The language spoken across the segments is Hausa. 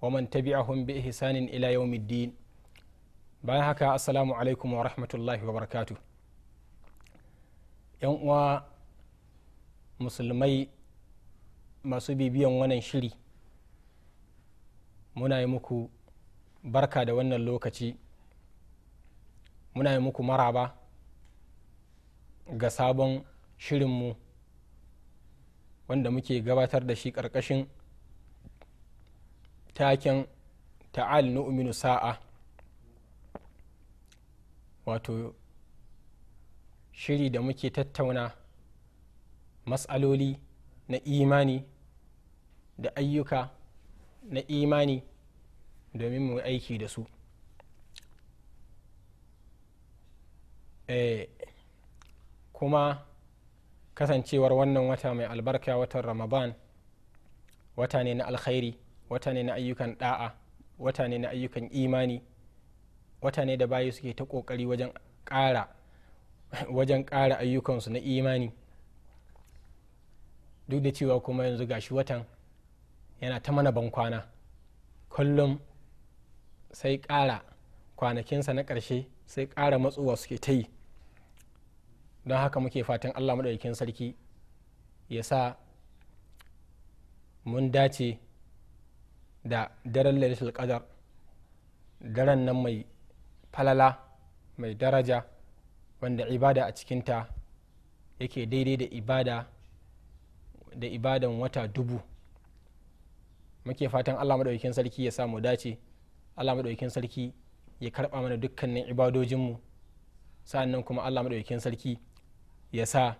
wa man tabi'ahum bi ihsanin ila yawmiddin bayan haka assalamu alaikum wa rahmatullahi wa barakatuh yan uwa musulmai masu bibiyan wannan shiri muna yi muku barka da wannan lokaci muna yi muku maraba ga sabon shirinmu wanda muke gabatar da shi ƙarƙashin taken ta'al nu'minu sa'a wato shiri da muke tattauna matsaloli na imani da ayyuka na imani domin mu aiki da su eh, kuma kasancewar wannan wata mai albarka watan ramadan wata ne na alkhairi wata ne na ayyukan da'a wata ne na ayyukan imani wata ne da bayi suke ta kokari wajen ƙara ayyukansu na imani duk da cewa kuma yanzu gashi watan yana ta mana ban bankwana kullum sai ƙara kwanakinsa na ƙarshe sai ƙara matsuwa suke ta yi don haka muke fatan allah maɗaukin sarki ya sa mun dace da daren lailatul qadar daren nan mai falala mai daraja wanda ibada a cikinta yake daidai da ibada da ibadan wata dubu muke fatan allah maɗaukin sarki ya samu dace allah maɗaukin sarki ya karɓa mana dukkanin ibadojinmu sa'annan kuma allah maɗaukin sarki ya sa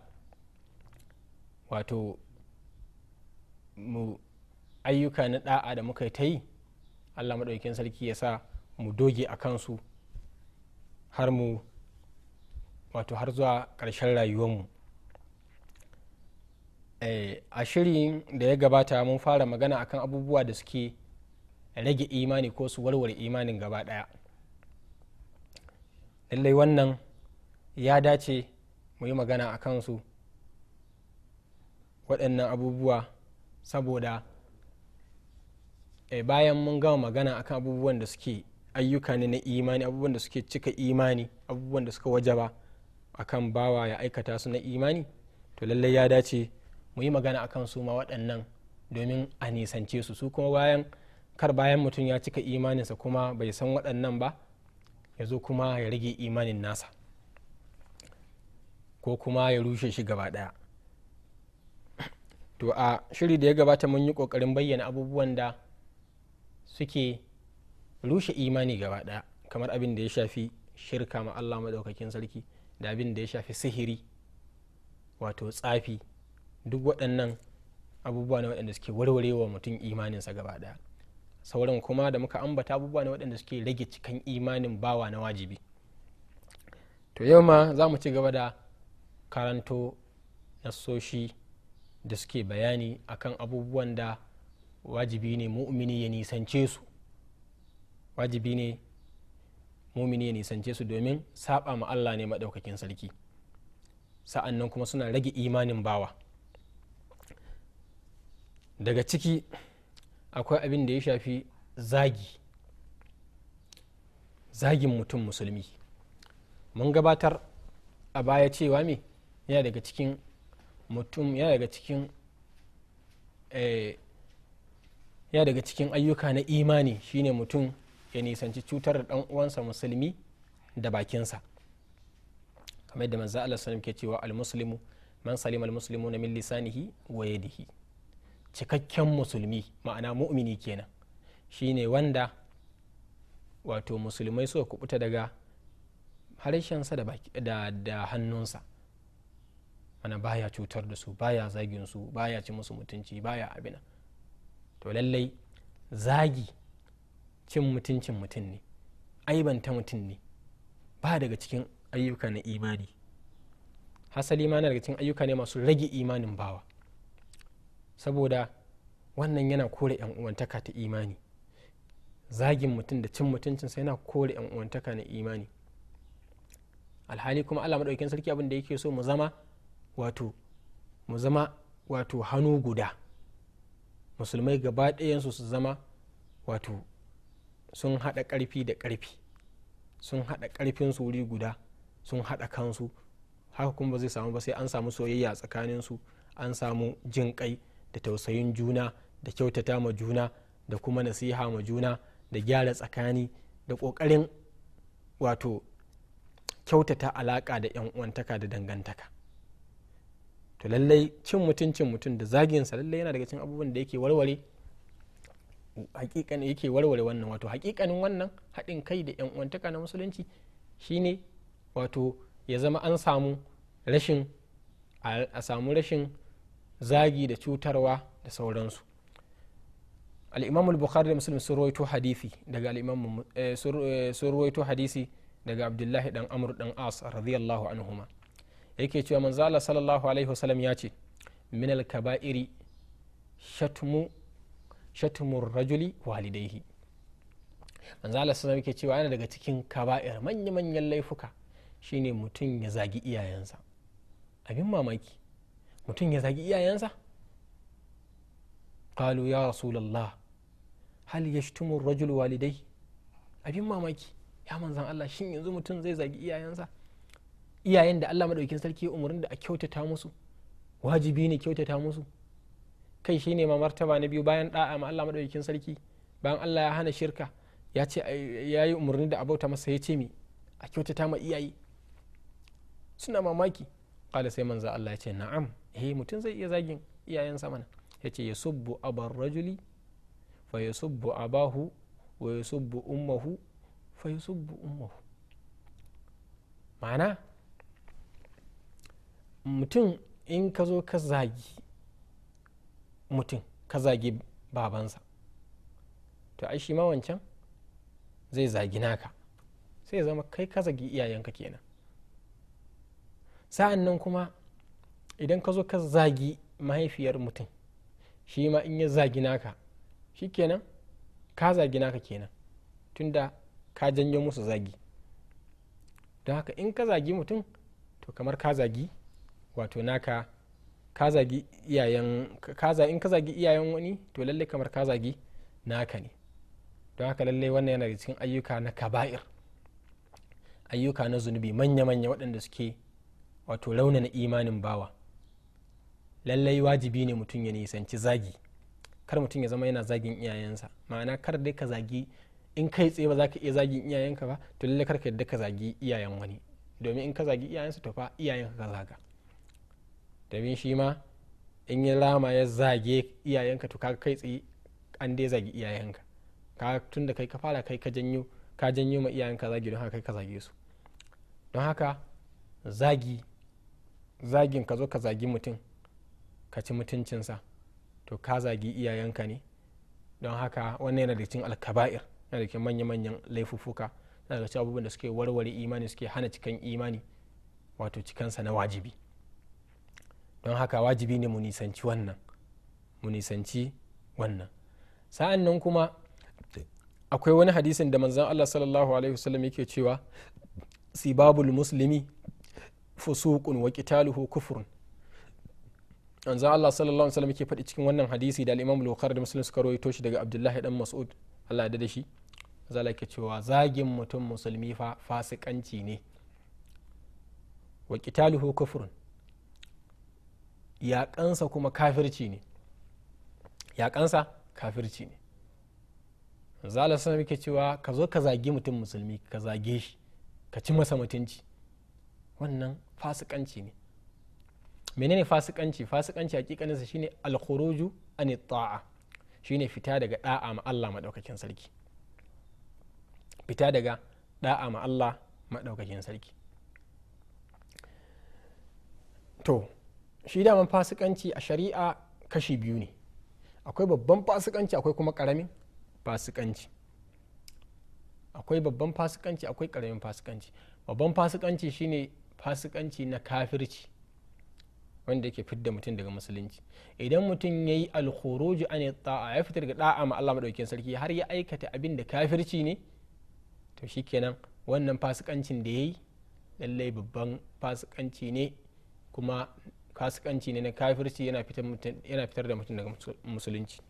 wato mu ayyuka na da'a da muka ta yi allah maɗaukin sarki ya sa mu doge a kansu har mu wato har zuwa ƙarshen mu eh, a shirin da ya gabata mun fara magana akan abubuwa da suke rage imani ko su warware imanin gaba ɗaya lallai wannan ya dace mu yi magana a kansu waɗannan abubuwa saboda eh bayan mun gama magana akan abubuwan da suke ayyuka ne na imani abubuwan da suke cika imani abubuwan da suka wajaba akan bawa ya aikata su na imani to lallai ya dace mu yi magana akan su ma waɗannan domin a nisance su su kuma bayan kar bayan mutum ya cika imaninsa kuma bai san waɗannan ba ya zo kuma ya rage imanin nasa ko kuma ya rushe shi gaba ɗaya to a shiri da ya gabata mun yi ƙoƙarin bayyana abubuwan da suke rushe imani gaba ɗaya kamar abin da ya shafi shirka ma Allah maɗaukakin sarki da abin da ya shafi sihiri wato tsafi duk waɗannan abubuwa ne waɗanda suke warwarewa mutum imaninsa gaba ɗaya sauran kuma da muka ambata abubuwa ne waɗanda suke rage cikan imanin bawa na wajibi to yau ma za mu ci gaba da karanto nasoshi da suke bayani akan abubuwan da wajibi ne mu'mini ya nisance su wajibi ne mu'mini ya nisance su domin saba ma Allah ne maɗaukakin sarki sa'an nan kuma suna rage imanin bawa daga ciki akwai abin da ya shafi zagi zagin mutum musulmi mun gabatar a baya cewa me yana daga cikin mutum yana daga cikin eh, ya daga cikin ayyuka na imani shine mutum ya nisanci cutar da ɗan uwansa musulmi da bakinsa kamar yadda manzo Allah sallam ke cewa al-muslimu man salima al-muslimu na min lisanihi wa yadihi cikakken musulmi ma'ana mu'mini kenan shine wanda wato musulmai suka kubuta daga harshensa da, da hannunsa mana baya cutar da su baya zagin su baya ci musu mutunci baya abina to lallai zagi cin mutuncin mutum ne aibanta mutum ne ba daga cikin ayyuka na imani hasali ma na daga cikin ayyuka ne masu rage imanin bawa saboda wannan yana kore yan uwantaka ta imani zagin mutum da cin mutuncinsa yana kore yan uwantaka na imani alhali kuma allah maɗaukin sarki abin da yake so mu zama mu zama wato hannu guda musulmai gaba ɗayansu su zama wato sun haɗa ƙarfi da ƙarfi sun haɗa ƙarfin wuri guda sun haɗa kansu haka kuma ba zai samu ba sai an samu soyayya tsakaninsu an samu jin kai da tausayin juna da kyautata ma juna da kuma nasiha ma juna da gyara tsakani da ƙoƙarin wato kyautata alaƙa da 'yan uwantaka da dangantaka to lallai cin mutuncin mutum da zaginsa lallai yana daga cikin abubuwan da yake warware hakikanin yake warware wannan wato hakikanin wannan haɗin kai da yan uwantaka na musulunci shine wato ya zama an samu rashin a samu rashin zagi da cutarwa da sauransu al'imamul bukhari da muslim sun rawaito hadisi daga al'imam eh, sun eh, rawaito hadisi daga abdullahi dan amr dan as radiyallahu anhuma yake cewa manzo Allah sallallahu alaihi wasallam ya ce min al kaba'iri shatmu shatmur rajuli walidaihi manzo Allah sallallahu yake cewa yana daga cikin kaba'ir manyan manyan laifuka shine mutum ya zagi iyayensa abin mamaki mutum ya zagi iyayensa qalu ya rasulullah hal yashtumu ar-rajulu walidai abin mamaki ya manzan Allah shin yanzu mutum zai zagi iyayensa iyayen da Allah madaukakin sarki ya umarni da a kyautata musu wajibi ne kyautata musu kai shine ma martaba na biyu bayan da'a ma Allah madaukakin sarki bayan Allah ya hana shirka ya ce ya yi umarni da abauta masa ya ce mi a kyautata ma iyaye suna mamaki kala sai manzo Allah ya ce na'am eh mutum zai iya zagin iyayensa mana ya ce yasubbu abar rajuli fa yasubbu abahu wa yasubbu ummuhu fa yasubbu ummuhu ma'ana mutum in ka zo ka zagi mutum ka zagi babansa to ai shi ma wancan zai zagi naka sai zama kai ka zagi iyayenka kenan sa'an nan kuma idan ka zo ka zagi mahaifiyar mutum shi ma in ya zagi naka shi kenan ka zagi naka kenan tunda ka janyo musu zagi don haka in ka zagi mutum to kamar ka zagi wato naka ka zagi iyayen kaza in ka zagi iyayen wani to lalle kamar ka zagi naka ne don haka lalle wannan yana da cikin ayyuka na kaba'ir ayyuka na zunubi manya-manya waɗanda suke wato na imanin bawa lallai wajibi ne mutum ya nisanci zagi kar mutum ya zama yana zagin iyayensa ma'ana kar dai ka zagi in kai tsaye ba za ka iya zagin iyayenka ba to lallai kar ka yadda ka zagi iyayen wani domin in ka zagi iyayensa to fa iyayenka ka zaga domin shi ma in yi rama ya zage iyayenka to ka kai tsaye an dai zagi iyayenka ka tun da kai ka fara kai ka janyo ka janyo ma iyayenka zagi don haka kai ka zage su don haka zagi zagin ka zo ka zagi mutum ka ci mutuncinsa to ka zagi iyayenka ne don haka wannan yana da cikin alkaba'ir yana da cikin manya-manyan laifuffuka yana da cikin abubuwan da suke warware imani suke hana cikan imani wato cikansa na wajibi don haka wajibi ne mu nisanci wannan mu nisanci wannan sa'an nan kuma akwai wani hadisin da manzan allah sallallahu alaihi wasallam yake cewa sibabul muslimi fusuqun wa qitaluhu kufrun manzan allah sallallahu alaihi wasallam yake faɗi cikin wannan hadisi da al-imam bukhari da muslim suka rawaito shi daga abdullahi dan mas'ud allah ya da shi zala ke cewa zagin mutum musulmi fa fasikanci ne wa qitaluhu kufrun yaƙansa kuma kafirci ne yaƙansa kafirci ne zala sana muke cewa ka zo ka zagi mutum musulmi ka zage shi ka ci masa mutunci wannan fasikanci ne menene fasikanci fasikanci a shi shine alkhuruju an ta'a shine fita daga da'a ma Allah madaukakin sarki fita daga da'a ma Allah madaukakin sarki to shi daman fasikanci a shari'a kashi biyu ne akwai babban fasikanci akwai kuma karamin fasikanci akwai babban fasikanci akwai karamin fasikanci babban fasikanci shine fasikanci na kafirci wanda yake fidda mutum daga musulunci idan mutum ya yi alkhuruju an ta'a ya fitar da da'a ma Allah madaukakin sarki har ya aikata abin da kafirci ne to shi kenan wannan fasikancin da yayi lallai babban fasikanci ne kuma fasikanci ne na kafirci yana fitar da mutum daga musulunci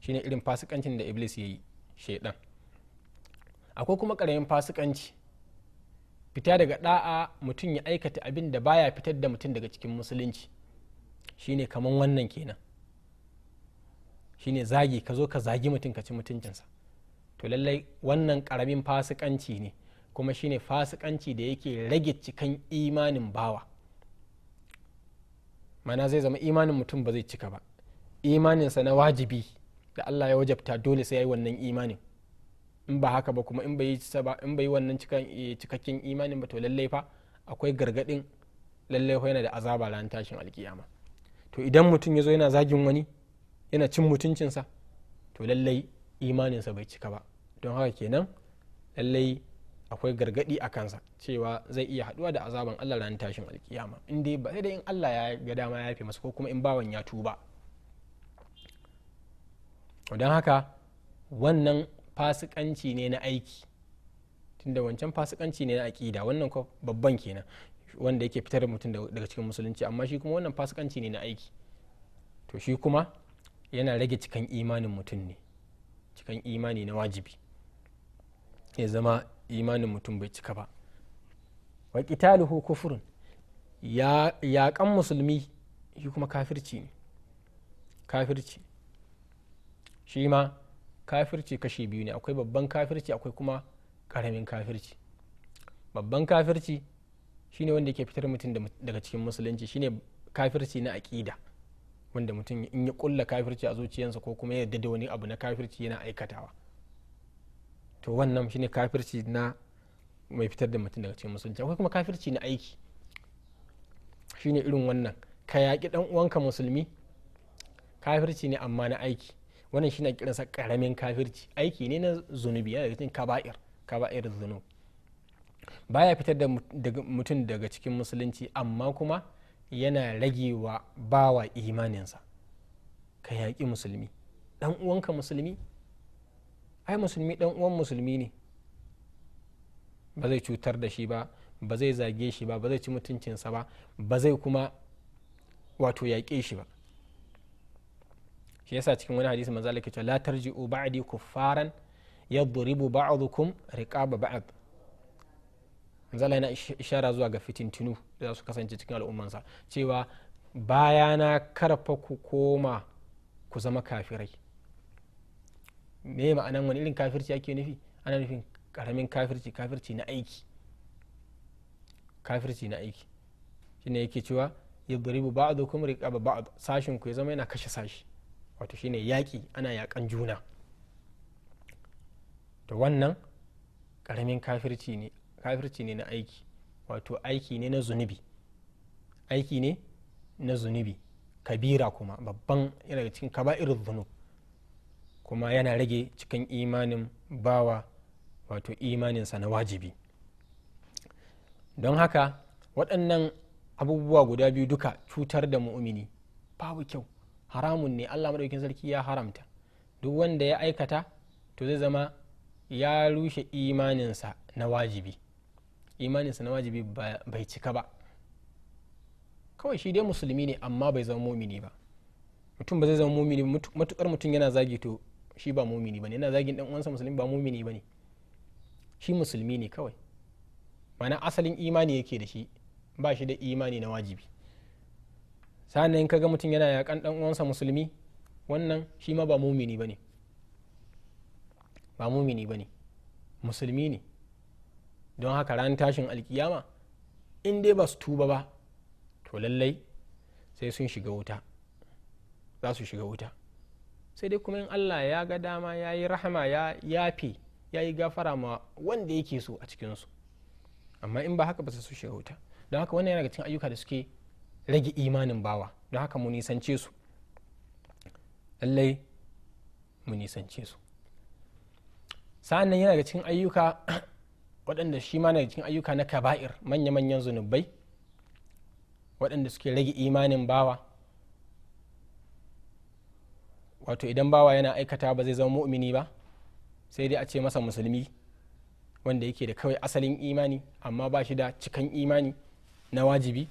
shine irin fasikancin da iblis ya yi shaidan akwai kuma karamin fasikanci fita daga da'a mutum ya aikata abin da baya fitar da mutum daga cikin musulunci shine kamar wannan kenan shine zagi ka zo ka zagi mutum ka ci mutuncinsa to lallai wannan karamin fasikanci ne kuma shine fasikanci da yake rage cikan imanin bawa mana zai zama imanin mutum ba zai cika ba imaninsa na wajibi da allah ya wajabta dole sai ya yi wannan imanin in ba haka ba kuma in bai yi wannan eh, cikakken imanin ba to lallai fa akwai gargadin lallai yana da azaba ran tashin alkiyama to idan mutum ya zo yana zagin wani yana cin mutuncinsa to lallai imaninsa bai cika ba don haka kenan lallai akwai gargadi a kansa cewa zai iya haduwa da azaban Allah ranar tashin alkiyama in ba sai da in Allah ya ga dama ya yafe masa ko kuma in bawan ya tuba don haka wannan fasikanci ne na aiki tunda wancan fasikanci ne na aƙida wannan ko babban kenan wanda yake fitar da mutum daga cikin musulunci amma shi kuma wannan fasikanci ne na aiki to shi kuma yana rage cikan imanin mutum ne cikan imani na wajibi ya zama imanin mutum bai cika ba wa qitaluhu kufrun yaƙan musulmi shi kuma kafirci ne kafirci shi ma kafirci kashi biyu ne akwai babban kafirci akwai kuma ƙaramin kafirci babban kafirci shine wanda yake fitar mutum daga cikin musulunci shine kafirci na aƙida wanda mutum in ya kulla kafirci a zuciyarsa ko kuma ya yarda da wani abu na kafirci yana aikatawa to wannan shine kafirci na mai fitar da mutum daga cikin musulunci akwai kuma kafirci na aiki shine irin wannan ka yaƙi ɗan uwanka musulmi kafirci ne amma na aiki wannan shine kiransa karamin kafirci aiki ne na zunubi yana da kaba'ir kaba'ir zunub baya fitar da mutum daga cikin musulunci amma kuma yana ragewa bawa imaninsa ka yaƙi musulmi ɗan uwanka musulmi ai musulmi dan uwan musulmi ne ba zai cutar da shi ba ba zai zage shi ba ba zai ci mutuncinsa ba ba zai kuma wato yaƙe shi ba shi yasa cikin wani hadisi manzo Allah ke cewa la tarji'u ba'di kuffaran yadribu ba'dukum riqaba ba'd manzo Allah yana ishara zuwa ga fitintinu da za su kasance cikin al'ummansa cewa bayana karfa ku koma ku zama kafirai me ma'anan wani irin kafirci ake nufi ana nufin karamin kafirci kafirci na aiki kafirci na aiki shine yake cewa yadribu riƙa ba ba'd sashin ku ya zama yana kashe sashi wato shine yaƙi ana yaƙan juna to wannan karamin kafirci ne kafirci ne na aiki wato aiki ne na zunubi aiki ne na zunubi kabira kuma babban yana cikin irin zunub kuma yana rage cikin imanin bawa wato imaninsa na wajibi don haka waɗannan abubuwa guda biyu duka cutar da mu'mini babu kyau haramun ne allah maɗaukin sarki ya haramta duk wanda ya aikata to zai zama ya rushe imaninsa na wajibi imaninsa na wajibi bai cika ba kawai shi dai musulmi ne amma bai zama mumini ba mutum ba zai zama mumini matukar mutum yana zagi to shi ba mumini bane yana zagin dan uwansa musulmi ba mumini bane shi musulmi ne kawai mana asalin imani yake da shi ba shi da imani na wajibi ka kaga mutum yana yakan dan uwansa musulmi wannan shi ma ba mumini bane ba mumini bane musulmi ne don haka ran tashin alkiyama in dai ba su tuba ba to lallai sai sun shiga wuta za su shiga wuta sai dai kuma in allah ya ga dama ya yi rahama ya yafe ya yi gafara ma wanda yake so a cikinsu amma in ba haka ba su shiga wuta don haka wannan yana daga cikin ayyuka da suke rage imanin bawa don haka mu nisance su lallai mu nisance su sa'an nan yana daga cikin ayyuka waɗanda shi ma daga cikin ayyuka na kaba'ir manya-manyan zunubai waɗanda suke rage imanin bawa wato idan bawa yana aikata ba zai zama mu'mini ba sai dai a ce masa musulmi wanda yake da kawai asalin imani amma ba shi da cikan imani na wajibi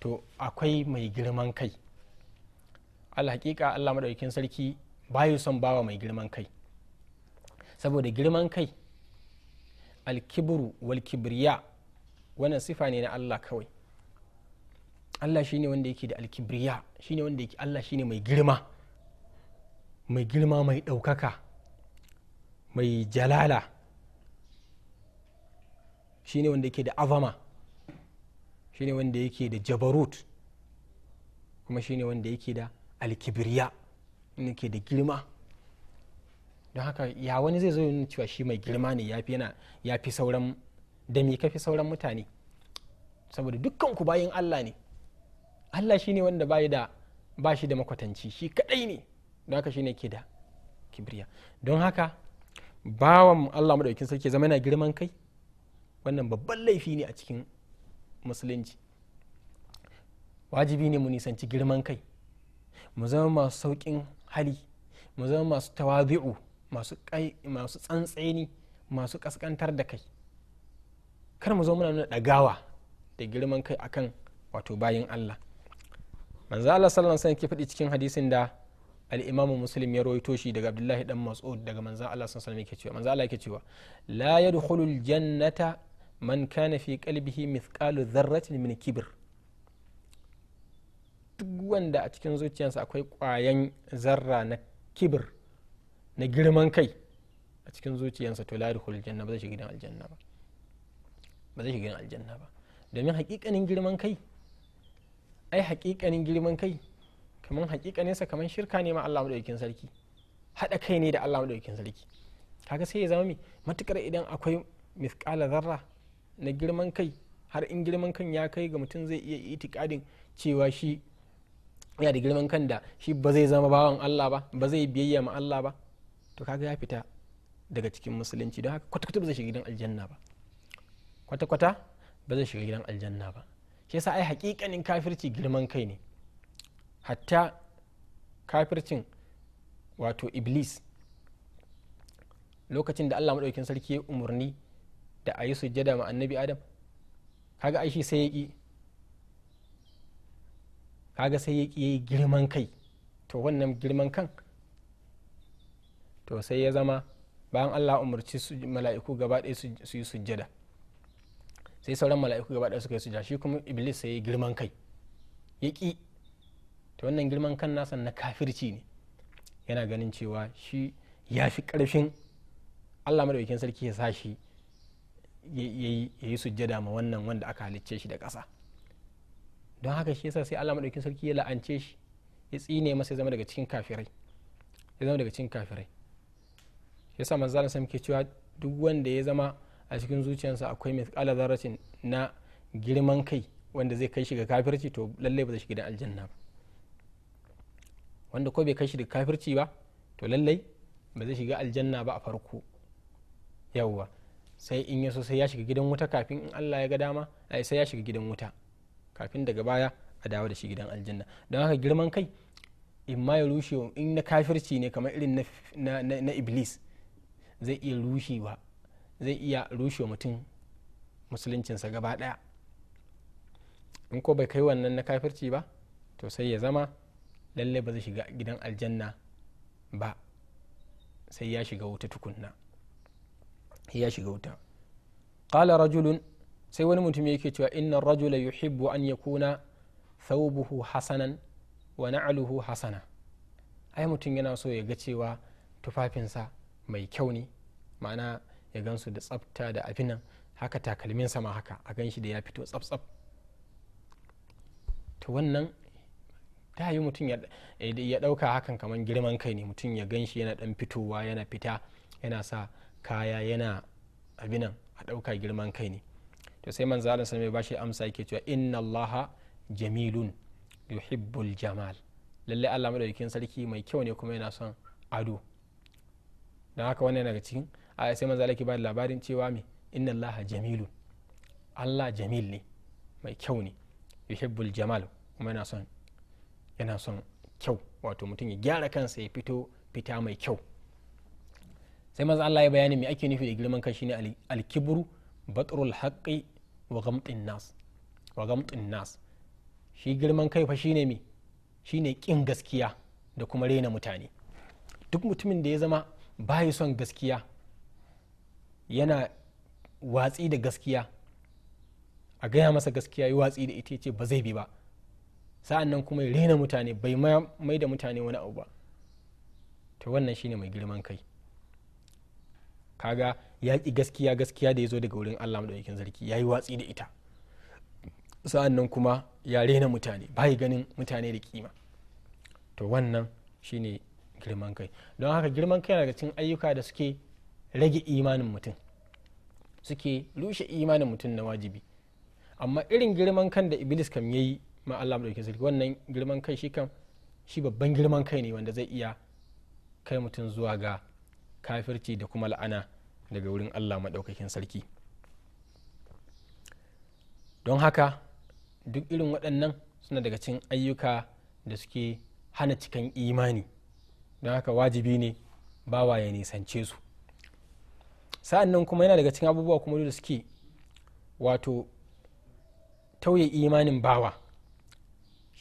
to akwai mai girman kai alhaƙiƙa allah maɗaukin sarki bayu son bawa mai girman kai saboda girman kai alkiburu wal kibriya wannan sifa ne na allah kawai allah shine wanda yake da alkibriya shine wanda yake allah shine mai girma mai girma mai ɗaukaka mai jalala shine wanda yake da avama shine wanda yake da jabarut kuma shine wanda yake da alkibiriya wanda yake da girma don haka ya wani zai zo cewa shi mai girma ne ya fi sauran da me kafi sauran mutane saboda dukkan ku bayin allah ne allah shi ne wanda bayi da ba shi da makwatanci shi kadai ne don haka shine ke da kibriya don haka bawan Allah maɗaukin sarki zama yana girman kai wannan babban laifi ne a cikin musulunci wajibi ne mu nisanci girman kai mu zama masu sauƙin hali mu zama masu tawazi'u masu tsantseni masu kaskantar da kai kar mu zama muna nuna ɗagawa da girman kai akan wato bayin Allah manzo Allah sallallahu alaihi wasallam ke faɗi cikin hadisin da al-imamu muslim ya rawaito shi daga abdullahi dan mas'ud daga manzon Allah sallallahu alaihi cewa manzon Allah yake cewa la yadkhulu al-jannata man kana fi qalbihi mithqalu dharratin min kibr duk wanda a cikin zuciyarsa akwai kwayan zarra na kibir na girman kai a cikin zuciyarsa to la yadkhulu ba zai shiga gidan aljanna ba ba zai shiga gidan aljanna ba domin hakikanin girman kai ai hakikanin girman kai kamar hakikanin sa kamar shirka ne ma Allah madaukakin sarki hada kai ne da Allah madaukakin sarki kaga sai ya zama mi matukar idan akwai mithqala zarra na girman kai har in girman kan ya kai ga mutum zai iya itikadin cewa shi ya da girman kan da shi ba zai zama bawan Allah ba ba zai biyayya ma Allah ba to kaga ya fita daga cikin musulunci don haka kwata-kwata ba zai shiga gidan aljanna ba kwata-kwata ba zai shiga gidan aljanna ba shi yasa ai hakikanin kafirci girman kai ne hatta kafircin wato iblis lokacin da allah maɗaukin sarki ya umarni da a yi sujjada ma annabi adam kaga aishi sai ya ƙi kaga sai ya ƙi girman kai to wannan girman kan to sai ya zama bayan allah umarci mala'iku gaba ɗaya su yi sujjada sai sauran mala'iku gaba ɗaya suka yi sujjada shi kuma iblis sai ya yi girman kai ya ƙi ta wannan girman kan nasa na kafirci ne yana ganin cewa shi ya fi karfin allah madaukakin sarki ya sa shi ya yi sujjada ma wannan wanda aka halicce shi da ƙasa don haka shi yasa sai allah madaukakin sarki ya la'ance shi ya tsine masa ya zama daga cikin kafirai ya zama daga cikin kafirai ya sa manzalan sam ke cewa duk wanda ya zama a cikin zuciyarsa akwai mai mithqala zaracin na girman kai wanda zai kai shi ga kafirci to lallai ba zai shiga da aljanna ba wanda ko bai kai shi da kafirci ba to lallai ba zai shiga aljanna ba a farko yawwa sai in yaso sai ya shiga gidan wuta kafin in Allah ya ga dama ai sai ya shiga gidan wuta kafin daga baya a dawo da shi gidan aljanna don haka girman kai in ma ya rushe in na kafirci ne kamar irin na, iblis zai iya rushewa zai iya rushe mutum musuluncinsa gaba daya in ko bai kai wannan na kafirci ba to sai ya zama lallai ba zai shiga gidan aljanna ba sai ya shiga wuta tukunna ya shiga wuta qala rajulun sai wani mutum yake cewa inna rajula yuhibbu an yakuna thawbuhu hasanan wa na'luhu hasana ai mutum yana so ya ga cewa tufafinsa mai kyau ne ma'ana ya gansu da tsafta da afinan haka takalmin ma haka a gan shi da ya fito tsaf-tsaf to wannan ta yi mutum ya ɗauka hakan kamar girman kai ne mutum ya ganshi yana ɗan fitowa yana fita yana sa kaya yana abinan a ɗauka girman kai ne to sai manzo Allah sallallahu bashi amsa yake cewa inna Allah jamilun yuhibbul jamal lalle Allah madaukakin sarki mai kyau ne kuma yana son ado don haka wannan daga cikin a sai manzo Allah ba da labarin cewa me inna Allah jamilun Allah jamil ne mai kyau ne yuhibbul jamal kuma yana son yana son kyau wato mutum ya gyara kansa ya fito fita mai kyau sai maza Allah ya bayani me ake nufi da girman kai shine alkibru batrul haqqi wa gamtin nas wa shi girman kai fa shine me shine kin gaskiya da kuma rena mutane duk mutumin da ya zama bayi son gaskiya yana watsi da gaskiya a gaya masa gaskiya yi watsi da ita ce ba zai bi ba sa'an nan kuma ya rena mutane bai mai da mutane wani abu ba to wannan shine mai girman kai kaga ya ki gaskiya gaskiya da ya zo daga wurin allah maɗaukakin sarki ya yi watsi da ita sa'an nan kuma ya rena mutane bai ganin mutane da kima to wannan shine girman kai don haka girman kai daga cikin ayyuka da suke rage imanin mutum suke rushe imanin mutum na wajibi amma irin girman kan da iblis kam yayi ma Allah ɗauki sarki wannan girman kai shi kan shi babban girman kai ne wanda zai iya kai mutum zuwa ga kafirci da kuma la'ana daga wurin Allah maɗaukakin sarki don haka duk irin waɗannan suna daga cikin ayyuka da suke hana cikan imani don haka wajibi ne bawa ya nisance su sa'an nan kuma yana daga cikin abubuwa kuma da suke wato tauye imanin bawa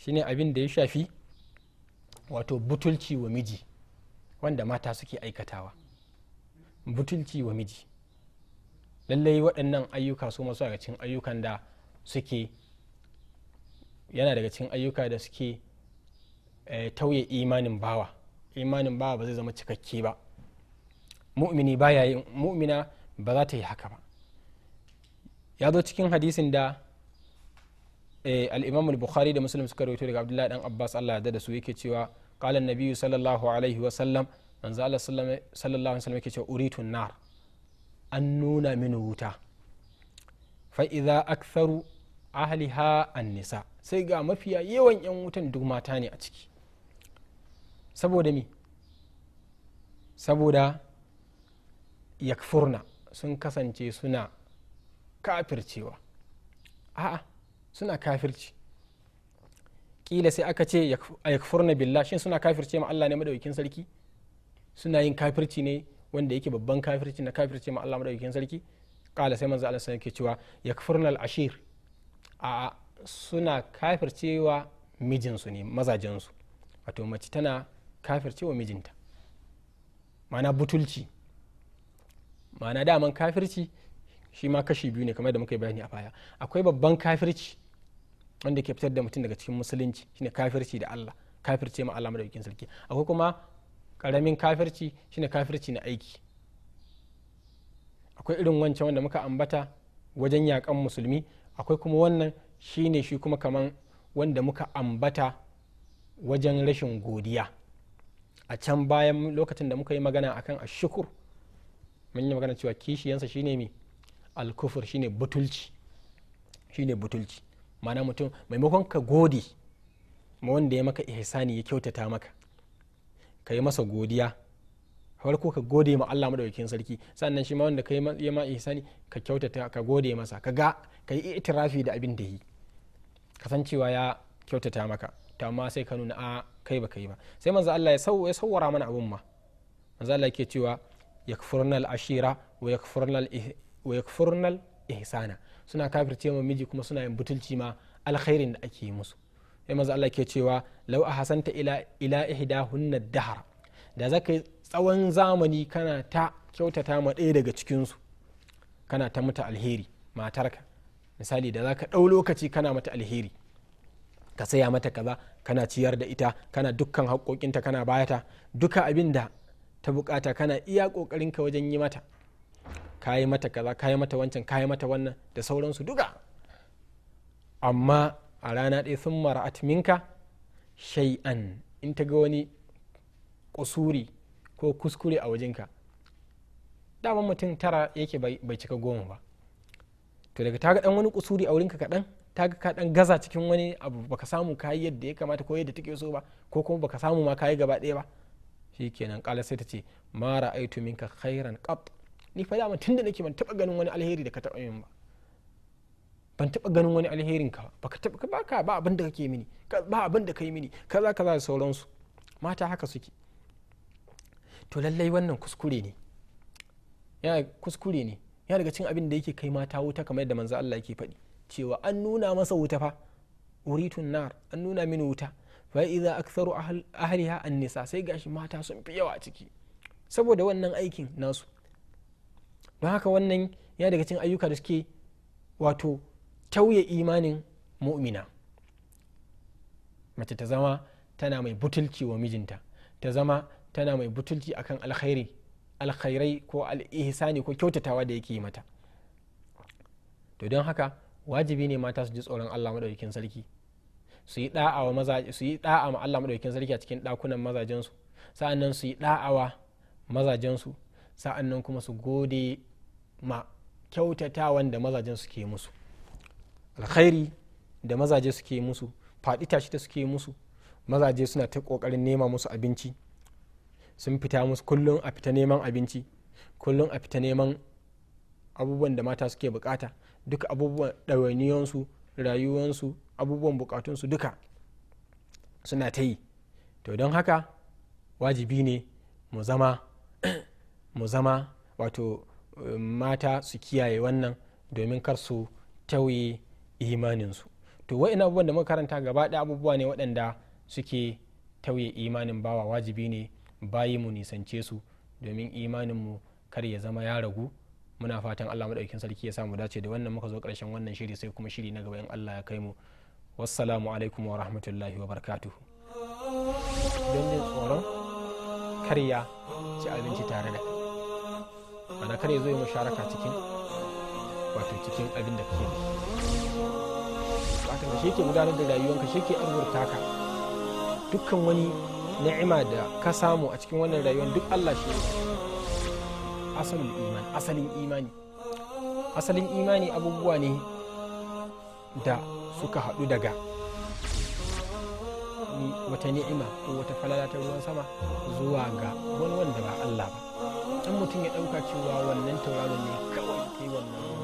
shine abin da ya shafi wato butulci wa miji wanda mata suke aikatawa butulci wa miji lallai waɗannan ayyuka su masu daga cikin ayyukan da suke yana daga cikin ayyuka da suke eh, tauye imanin bawa imanin bawa ba zai zama cikakke ba mu'mini yayin mu'mina ba za ta yi haka ba ya zo cikin hadisin da Eh, al-imam al-bukhari da muslim suka rawaito daga abdullahi dan abbas Allah ya da su yake cewa qala an-nabiyyu sallallahu alaihi wa sallam manzo Allah sallallahu alaihi wa sallam yake cewa uritun nar an nuna min wuta fa idza aktharu ahliha an-nisa sai ga mafiya yawan yan wutan duk mata ne a ciki saboda mi saboda yakfurna sun kasance suna kafircewa a'a suna kafirci kila sai aka ce yakfurna billah shi suna kafirce ma Allah ne madaukakin sarki suna yin kafirci ne wanda yake babban kafirci na kafirce ma Allah madaukakin sarki kala sai manzo Allah sai yake cewa yakfurna al-ashir a suna kafircewa mijinsu ne mazajensu wato mace tana kafircewa mijinta mana butulci mana daman kafirci shi ma kashi biyu ne kamar da muka yi bayani a baya akwai babban kafirci wanda ke fitar da mutum daga cikin musulunci shine kafirci da Allah kafirci ma Allah madaukin sarki akwai kuma karamin kafirci shine kafirci na aiki akwai irin wancan wanda muka ambata wajen yakan musulmi akwai kuma wannan shine shi kuma kaman wanda muka ambata wajen rashin godiya a can bayan lokacin da muka yi magana akan ashukur mun yi magana cewa kishiyansa shine mi alkufur shine butulci shine butulci mana mutum maimakon ka gode ma wanda ya maka ihsani ya kyautata maka ka yi masa godiya farko ka gode ma Allah madaukakin sarki sannan shi ma wanda ka yi ma ihsani ka kyautata ka gode masa ka ga ka yi itirafi da abin da yi cewa ya kyautata maka to amma sai ka nuna a kai ba kai ba sai manzo Allah ya sawwara mana abun ma manzo Allah yake cewa yakfurnal ashira wa yakfurnal wa yakfurnal ihsana suna kafirce ma miji kuma suna yin butulci ma alkhairin da ake yi musu sai maza Allah ke cewa lau a hasanta ila ila hunna dahar da zaka yi tsawon zamani kana ta kyautata ma ɗaya daga cikin su kana ta mata alheri matarka misali da zaka ɗau lokaci kana mata alheri ka saya mata kaza kana ciyar da ita kana dukkan haƙoƙinta kana bayata duka abin da ta bukata kana iya ka wajen yi mata kayi mata kaza kayi mata wancan kayi mata wannan da sauransu duka amma a rana ɗaya sun mara'at minka shay'an in ta ga wani kusuri ko kuskure a wajenka daman mutum tara yake bai cika goma ba to daga ta ga dan wani kusuri a wurinka kaɗan ta ga ka dan gaza cikin wani abu baka samu kayi yadda ya kamata ko yadda take so ba ko kuma baka samu ma kayi gaba ɗaya ba shikenan kala sai ta ce mara aitu minka khairan qat ni fa dama tunda nake ban taba ganin wani alheri da ka taba min ba ban taba ganin wani alherin ka ba ka taba ba ka ba abin da kake mini ba abin da kai mini kaza kaza da sauransu mata haka suke to lallai wannan kuskure ne yana kuskure ne yana daga cikin abin da yake kai mata wuta kamar yadda manzo Allah yake faɗi cewa an nuna masa wuta fa uritun nar an nuna mini wuta fa idza aktharu ahliha an-nisa sai gashi mata sun fi yawa a ciki saboda wannan aikin nasu don haka wannan ya daga cikin ayyuka da suke wato tauye imanin mu'mina mace ta zama tana mai butulci wa mijinta ta zama tana mai butulci akan alkhairi alkhairai ko al'ihisani ko kyautatawa da yake yi mata to don haka wajibi ne mata su ji tsoron Allah madaukakin sarki su yi da'a su yi da'a ma Allah madaukakin sarki a cikin ɗakunan mazajensu sa'annan su yi da'awa mazajensu sa'an nan kuma su gode ma kyautatawan da mazajen suke musu alkhairi da mazaje suke musu faɗi tashi da suke musu mazaje suna ta ƙoƙarin nema musu abinci sun fita musu kullum a fita neman abinci kullum a fita neman abubuwan da mata suke bukata duka abubuwan ɗawainiyonsu rayuwansu abubuwan bukatunsu duka suna ta yi to don haka wajibi ne mu zama mu zama wato eh, mata su kiyaye wannan domin kar su tauye imaninsu to wa'in abubuwan da muka karanta gaba ɗaya abubuwa ne waɗanda suke tauye imanin bawa wajibi ne bayi mu nisance su domin imaninmu kar ya zama ya ragu muna fatan allah maɗaukin sarki ya samu dace da wannan muka zo ƙarshen wannan shiri sai kuma shiri na gaba in allah ya kai mu wassalamu alaikum wa rahmatullahi wa barakatuhu don jin tsoron karya ci abinci tare da ana kare ya zo ya musharaka cikin wato cikin abin da kake wato shi ke gudanar da rayuwanka shi ke arzurta ka dukkan wani ni'ima da ka samu a cikin wannan rayuwar duk Allah shi asalin imani asalin imani asalin imani abubuwa ne da suka haɗu daga wata ni'ima ko wata falala ta ruwan sama zuwa ga wani wanda ba Allah ba Dan mutum ya ɗauka cewa wannan tauraron ne kawai ke wannan